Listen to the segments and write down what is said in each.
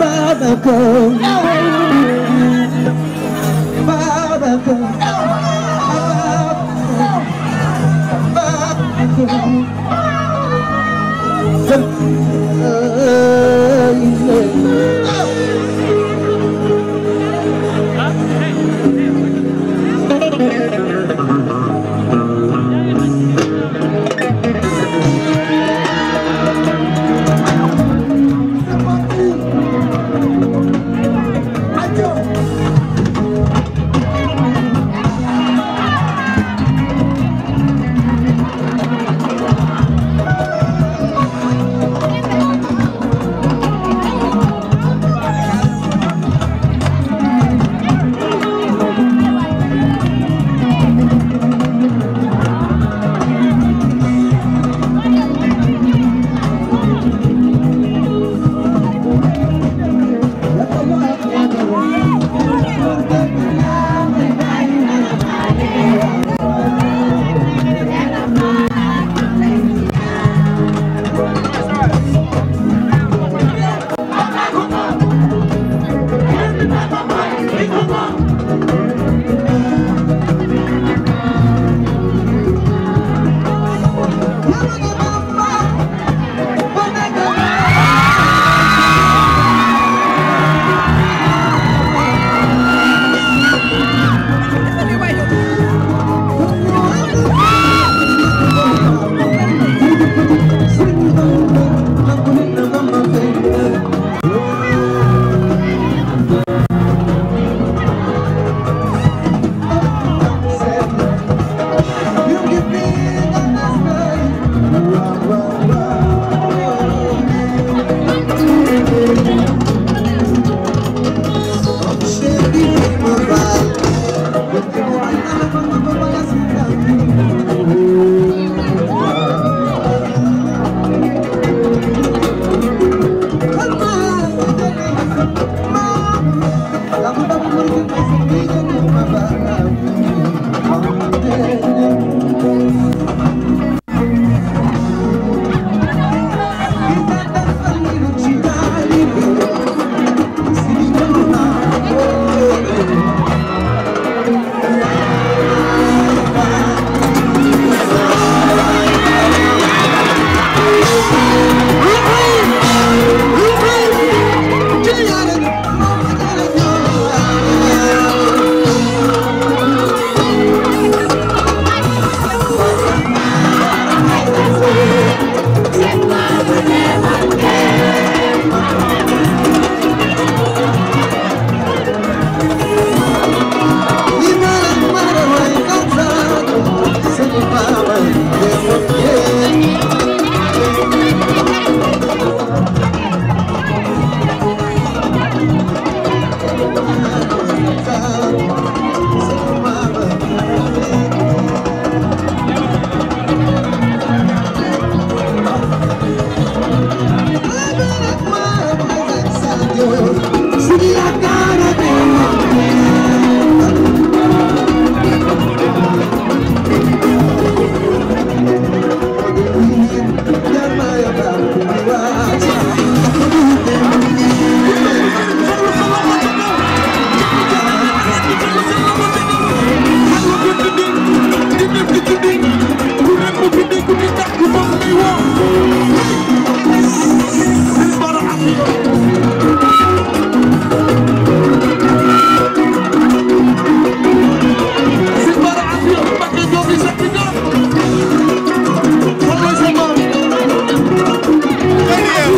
Babako Babako Babako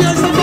Yes,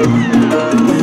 Thank you.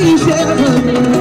you, Chevrolet.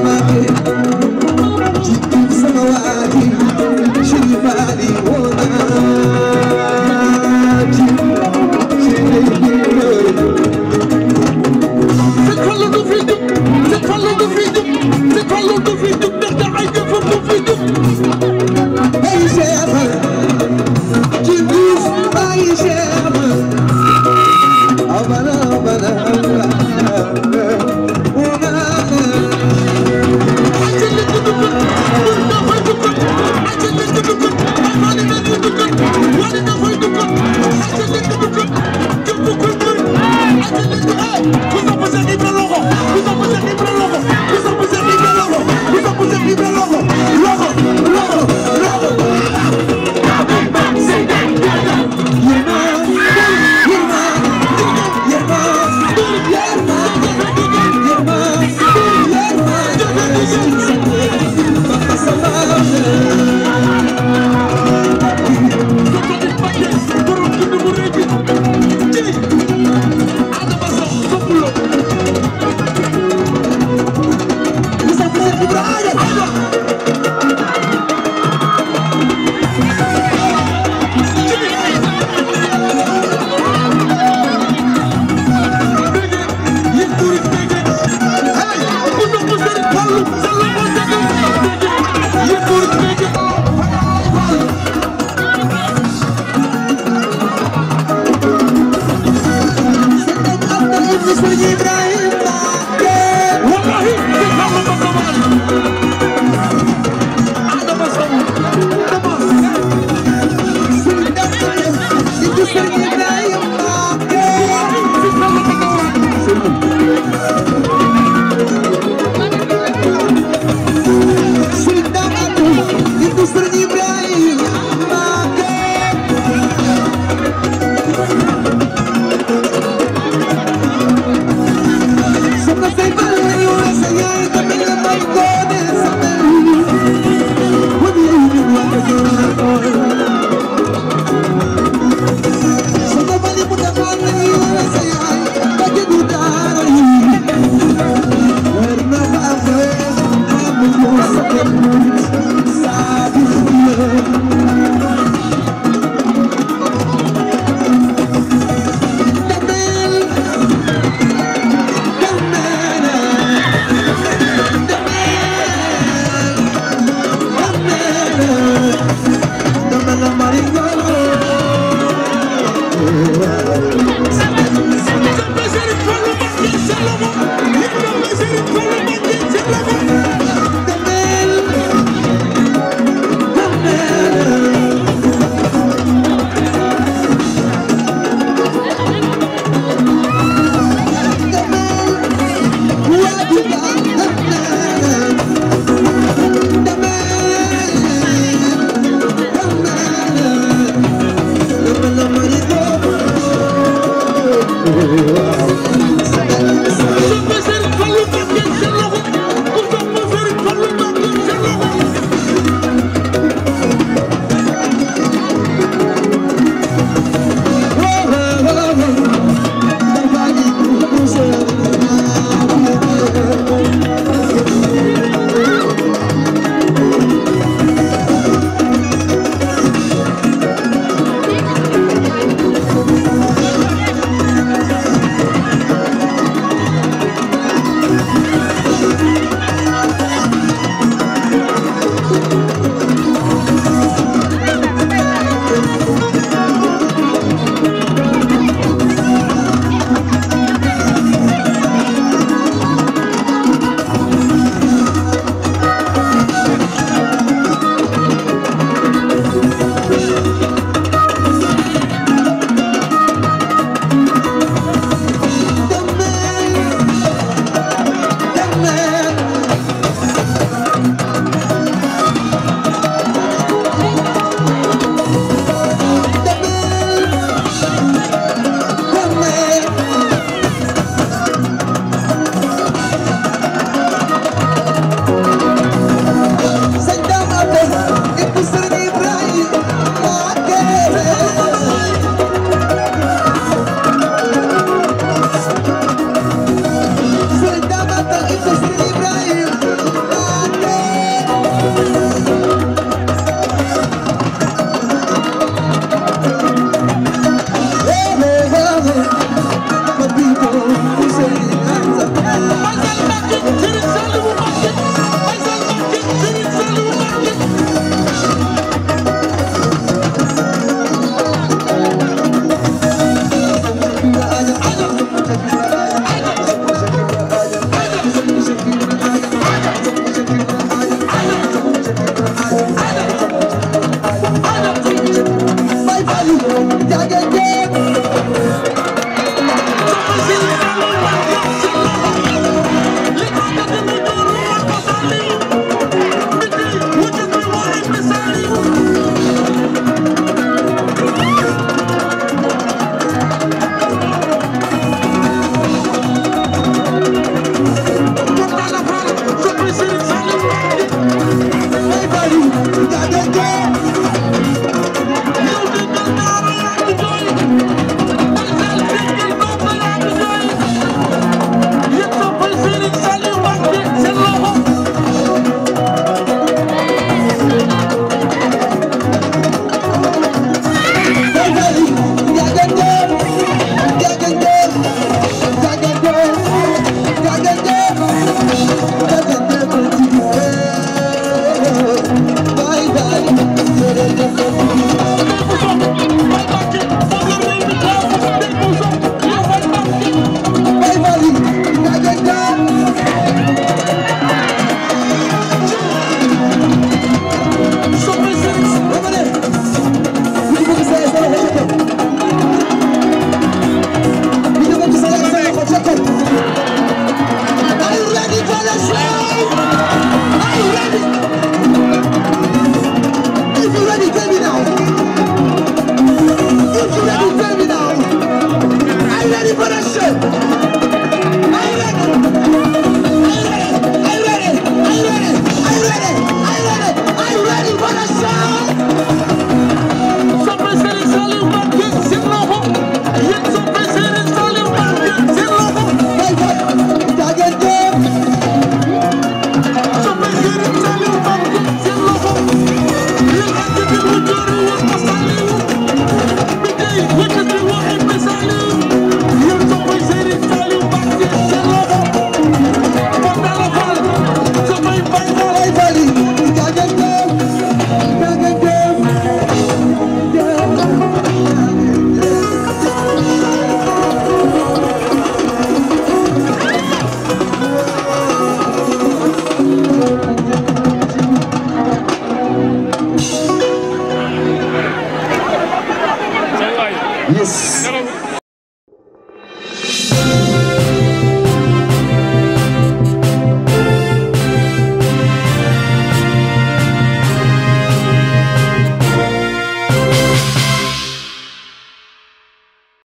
Hey!